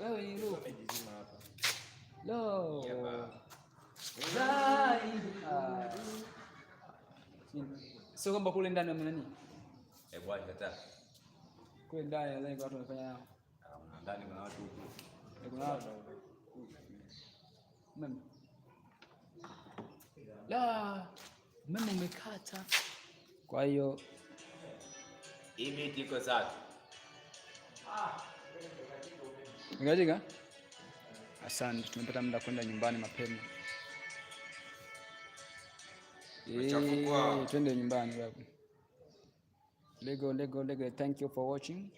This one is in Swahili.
Wewe ni nuru. Lo. Sio kwamba kule ndani wamna nani? Eh, bwana kataa. Kule ndani lengo watu wanafanya nao. Ah, ndani kuna watu huko. Eh, kuna watu. Mimi. La, mimi nimekata. Kwa hiyo hii miti iko safi. Ah. Unajika? Asante, tumepata muda kwenda nyumbani mapema. Twende nyumbani babu. Lego, Lego, Lego. Thank you for watching.